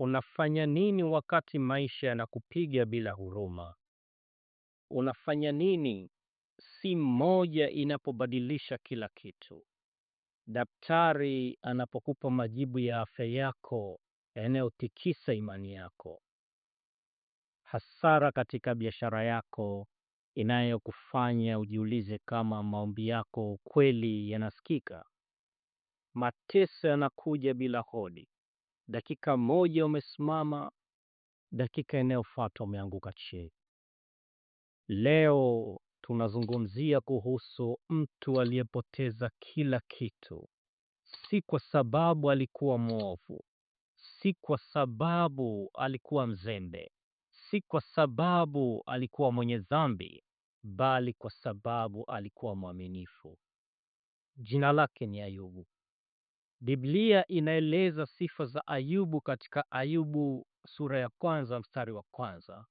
Unafanya nini wakati maisha yanakupiga bila huruma? Unafanya nini? Simu moja inapobadilisha kila kitu, daktari anapokupa majibu ya afya yako yanayotikisa imani yako, hasara katika biashara yako inayokufanya ujiulize kama maombi yako kweli yanasikika, mateso yanakuja bila hodi, dakika moja umesimama, dakika inayofuata umeanguka chini. Leo tunazungumzia kuhusu mtu aliyepoteza kila kitu, si kwa sababu alikuwa mwovu, si kwa sababu alikuwa mzembe, si kwa sababu alikuwa mwenye dhambi, bali kwa sababu alikuwa mwaminifu. Jina lake ni Ayubu. Biblia inaeleza sifa za Ayubu katika Ayubu sura ya kwanza mstari wa kwanza.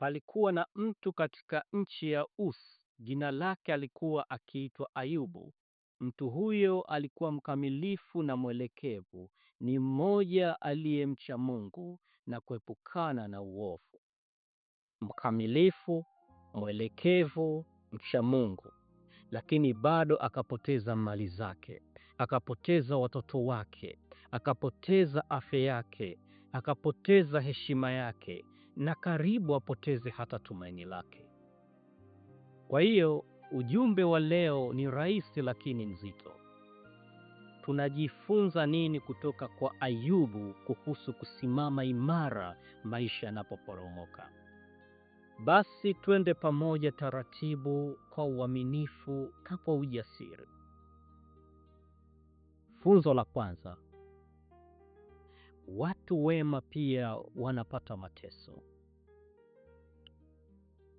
Palikuwa na mtu katika nchi ya us jina lake alikuwa akiitwa Ayubu. Mtu huyo alikuwa mkamilifu na mwelekevu, ni mmoja aliyemcha Mungu na kuepukana na uovu. Mkamilifu, mwelekevu, mcha Mungu, lakini bado akapoteza mali zake akapoteza watoto wake, akapoteza afya yake, akapoteza heshima yake, na karibu apoteze hata tumaini lake. Kwa hiyo ujumbe wa leo ni rahisi lakini nzito. Tunajifunza nini kutoka kwa Ayubu kuhusu kusimama imara maisha yanapoporomoka? Basi twende pamoja taratibu, kwa uaminifu na kwa ujasiri. Funzo la kwanza, watu wema pia wanapata mateso.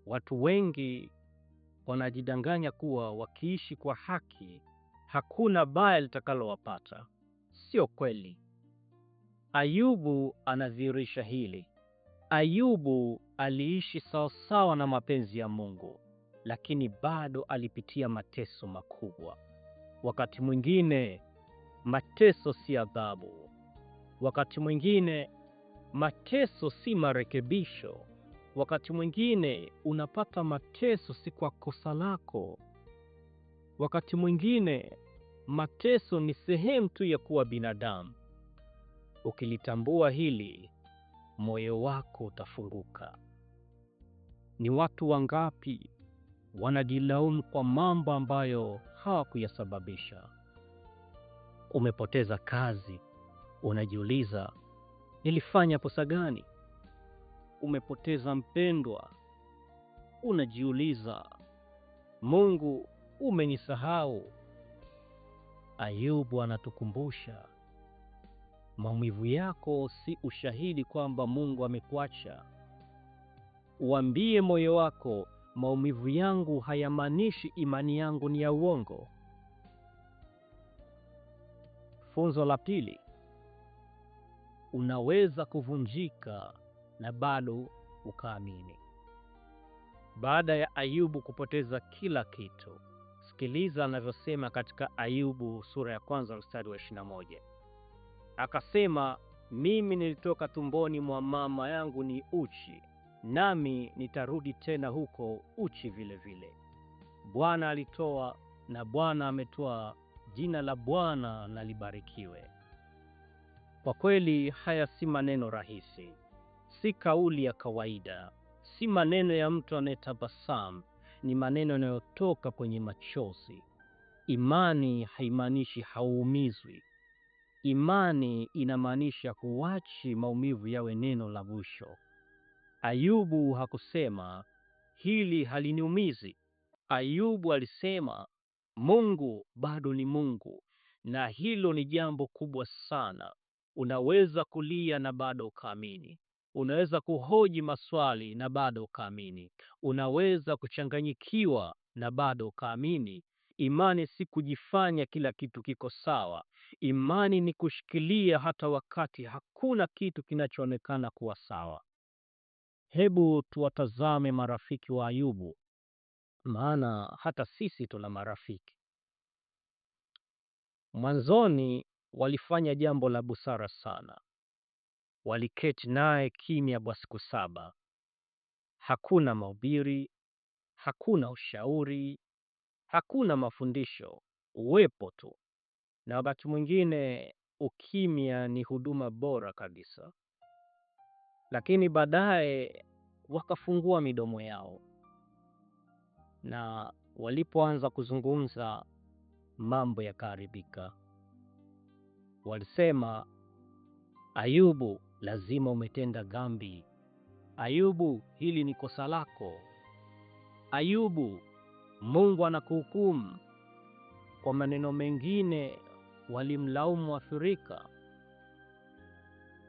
Watu wengi wanajidanganya kuwa wakiishi kwa haki hakuna baya litakalowapata. Sio kweli. Ayubu anadhihirisha hili. Ayubu aliishi sawasawa na mapenzi ya Mungu, lakini bado alipitia mateso makubwa. Wakati mwingine mateso si adhabu. Wakati mwingine mateso si marekebisho. Wakati mwingine unapata mateso si kwa kosa lako. Wakati mwingine mateso ni sehemu tu ya kuwa binadamu. Ukilitambua hili, moyo wako utafunguka. Ni watu wangapi wanajilaumu kwa mambo ambayo hawakuyasababisha? umepoteza kazi, unajiuliza nilifanya kosa gani? Umepoteza mpendwa, unajiuliza Mungu umenisahau. Ayubu anatukumbusha maumivu yako si ushahidi kwamba Mungu amekuacha. Uambie moyo wako, maumivu yangu hayamaanishi imani yangu ni ya uongo. Funzo la pili, unaweza kuvunjika na bado ukaamini. Baada ya Ayubu kupoteza kila kitu, sikiliza anavyosema katika Ayubu sura ya kwanza mstari wa 21, akasema mimi nilitoka tumboni mwa mama yangu ni uchi, nami nitarudi tena huko uchi vile vile. Bwana alitoa na Bwana ametwaa, Jina la Bwana na libarikiwe. Kwa kweli haya si maneno rahisi, si kauli ya kawaida, si maneno ya mtu anayetabasamu. Ni maneno yanayotoka kwenye machozi. Imani haimaanishi hauumizwi. Imani inamaanisha huachi maumivu yawe neno la mwisho. Ayubu hakusema hili haliniumizi. Ayubu alisema Mungu bado ni Mungu, na hilo ni jambo kubwa sana. Unaweza kulia na bado ukaamini. Unaweza kuhoji maswali na bado ukaamini. Unaweza kuchanganyikiwa na bado ukaamini. Imani si kujifanya kila kitu kiko sawa. Imani ni kushikilia hata wakati hakuna kitu kinachoonekana kuwa sawa. Hebu tuwatazame marafiki wa Ayubu maana hata sisi tuna marafiki. Mwanzoni walifanya jambo la busara sana, waliketi naye kimya kwa siku saba. Hakuna mahubiri, hakuna ushauri, hakuna mafundisho, uwepo tu. Na wakati mwingine ukimya ni huduma bora kabisa. Lakini baadaye wakafungua midomo yao na walipoanza kuzungumza mambo yakaharibika. Walisema, Ayubu, lazima umetenda dhambi. Ayubu, hili ni kosa lako. Ayubu, Mungu anakuhukumu. Kwa maneno mengine, walimlaumu Afrika.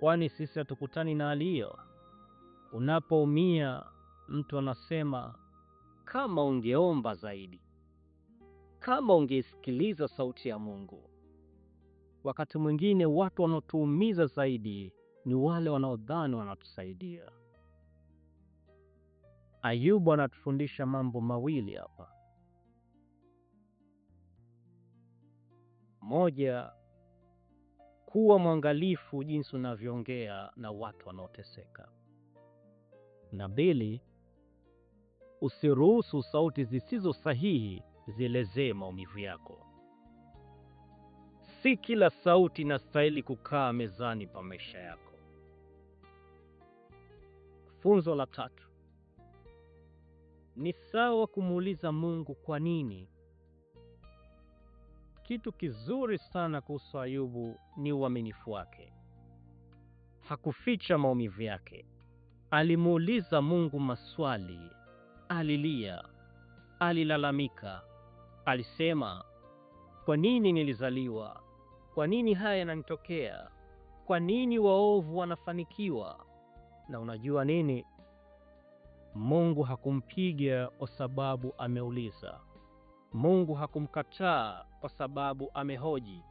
Kwani sisi hatukutani na aliyo? Unapoumia mtu anasema kama ungeomba zaidi, kama ungesikiliza sauti ya Mungu. Wakati mwingine watu wanaotuumiza zaidi ni wale wanaodhani wanatusaidia. Ayubu anatufundisha mambo mawili hapa. Moja, kuwa mwangalifu jinsi unavyoongea na watu wanaoteseka, na mbili, Usiruhusu sauti zisizo sahihi zielezee maumivu yako. Si kila sauti inastahili kukaa mezani pa maisha yako. Funzo la tatu: ni sawa kumuuliza Mungu kwa nini. Kitu kizuri sana kuhusu Ayubu ni uaminifu wake. Hakuficha maumivu yake, alimuuliza Mungu maswali alilia, alilalamika, alisema, kwa nini nilizaliwa? Kwa nini haya yananitokea? Kwa nini waovu wanafanikiwa? Na unajua nini? Mungu hakumpiga kwa sababu ameuliza. Mungu hakumkataa kwa sababu amehoji.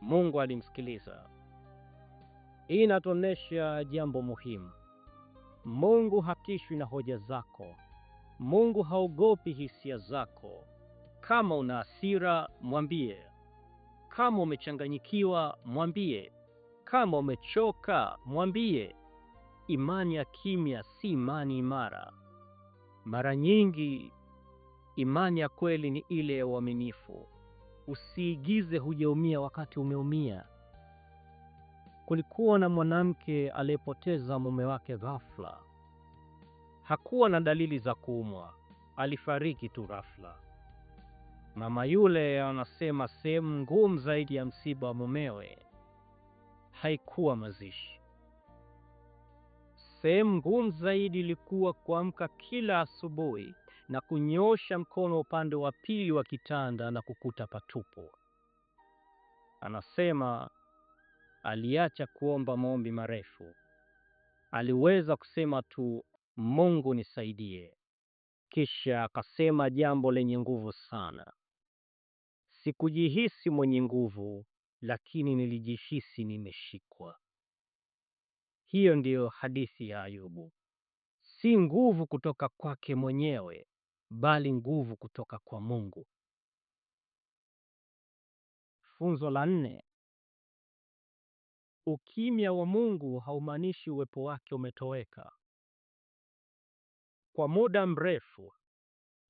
Mungu alimsikiliza. Hii inatuonyesha jambo muhimu. Mungu hatishwi na hoja zako. Mungu haogopi hisia zako. Kama una hasira, mwambie. Kama umechanganyikiwa, mwambie. Kama umechoka, mwambie. Imani ya kimya si imani imara. Mara nyingi imani ya kweli ni ile ya uaminifu. Usiigize hujaumia wakati umeumia. Kulikuwa na mwanamke aliyepoteza mume wake ghafla. Hakuwa na dalili za kuumwa, alifariki tu ghafla. Mama yule anasema sehemu ngumu zaidi ya msiba wa mumewe haikuwa mazishi. Sehemu ngumu zaidi ilikuwa kuamka kila asubuhi na kunyosha mkono upande wa pili wa kitanda na kukuta patupo. Anasema aliacha kuomba maombi marefu, aliweza kusema tu Mungu nisaidie. Kisha akasema jambo lenye nguvu sana. Sikujihisi mwenye nguvu, lakini nilijihisi nimeshikwa. Hiyo ndiyo hadithi ya Ayubu. Si nguvu kutoka kwake mwenyewe, bali nguvu kutoka kwa Mungu. Funzo la nne: ukimya wa Mungu haumaanishi uwepo wake umetoweka, kwa muda mrefu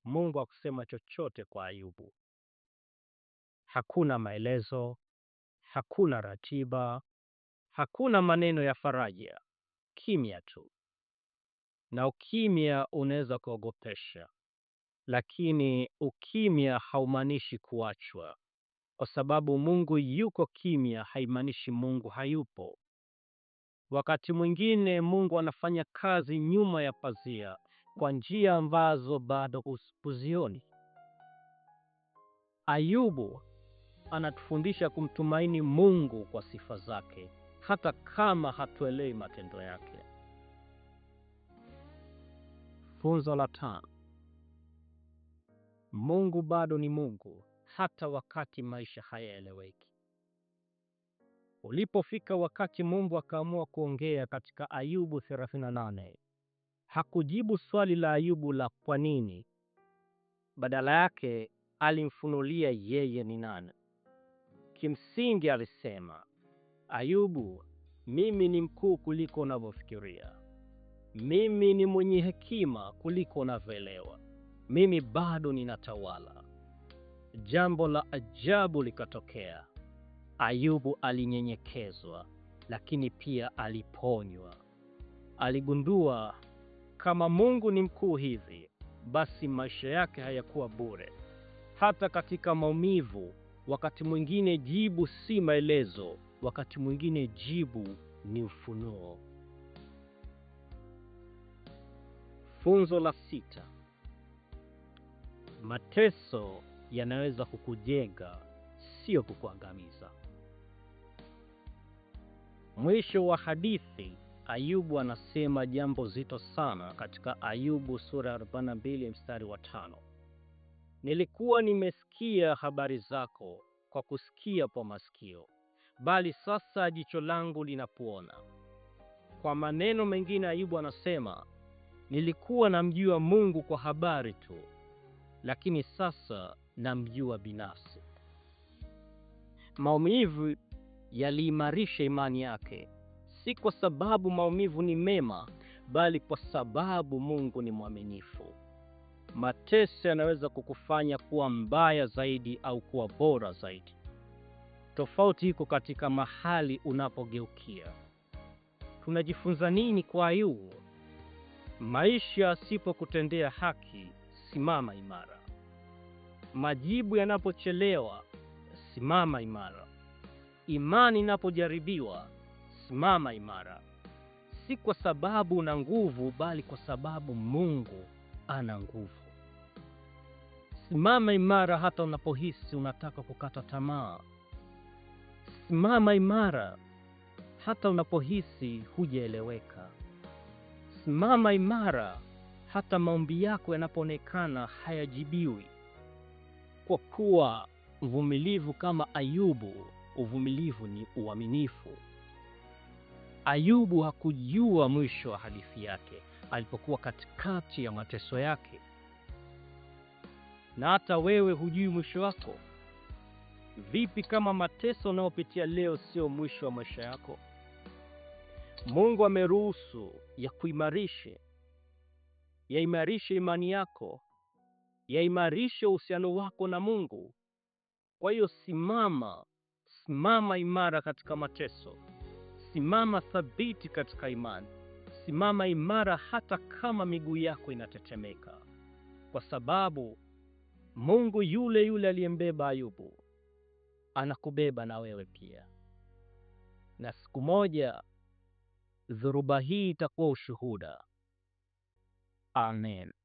Mungu hakusema chochote kwa Ayubu. Hakuna maelezo, hakuna ratiba, hakuna maneno ya faraja, kimya tu. Na ukimya unaweza kuogopesha, lakini ukimya haumaanishi kuachwa, kwa sababu Mungu yuko kimya haimaanishi Mungu hayupo. Wakati mwingine Mungu anafanya kazi nyuma ya pazia kwa njia ambazo bado huzioni. Ayubu anatufundisha kumtumaini Mungu kwa sifa zake hata kama hatuelewi matendo yake. Funzo la tano: Mungu bado ni Mungu hata wakati maisha hayaeleweki. Ulipofika wakati Mungu akaamua kuongea katika Ayubu 38 Hakujibu swali la Ayubu la kwa nini, badala yake alimfunulia yeye ni nani. Kimsingi alisema, Ayubu, mimi ni mkuu kuliko unavyofikiria, mimi ni mwenye hekima kuliko unavyoelewa, mimi bado ninatawala. Jambo la ajabu likatokea. Ayubu alinyenyekezwa, lakini pia aliponywa. Aligundua kama Mungu ni mkuu hivi, basi maisha yake hayakuwa bure. Hata katika maumivu, wakati mwingine jibu si maelezo, wakati mwingine jibu ni ufunuo. Funzo la sita: mateso yanaweza kukujenga, sio kukuangamiza. Mwisho wa hadithi Ayubu anasema jambo zito sana katika Ayubu sura ya 42 mstari wa tano. Nilikuwa nimesikia habari zako kwa kusikia kwa masikio, bali sasa jicho langu linapuona Kwa maneno mengine, Ayubu anasema nilikuwa namjua Mungu kwa habari tu, lakini sasa namjua binafsi. Maumivu yaliimarisha imani yake si kwa sababu maumivu ni mema, bali kwa sababu Mungu ni mwaminifu. Mateso yanaweza kukufanya kuwa mbaya zaidi au kuwa bora zaidi. Tofauti iko katika mahali unapogeukia. Tunajifunza nini kwa Ayubu? Maisha asipokutendea haki, simama imara. Majibu yanapochelewa, simama imara. Imani inapojaribiwa, simama imara, si kwa sababu una nguvu, bali kwa sababu Mungu ana nguvu. Simama imara hata unapohisi unataka kukata tamaa. Simama imara hata unapohisi hujaeleweka. Simama imara hata maombi yako yanapoonekana hayajibiwi, kwa kuwa mvumilivu kama Ayubu, uvumilivu ni uaminifu. Ayubu hakujua mwisho wa hadithi yake alipokuwa katikati ya mateso yake, na hata wewe hujui mwisho wako. Vipi kama mateso unayopitia leo sio mwisho wa maisha yako? Mungu ameruhusu ya kuimarishe, yaimarishe imani yako, yaimarishe uhusiano wako na Mungu. Kwa hiyo simama, simama imara katika mateso. Simama thabiti katika imani, simama imara hata kama miguu yako inatetemeka, kwa sababu Mungu yule yule aliyembeba Ayubu anakubeba na wewe pia, na siku moja dhuruba hii itakuwa ushuhuda. Amen.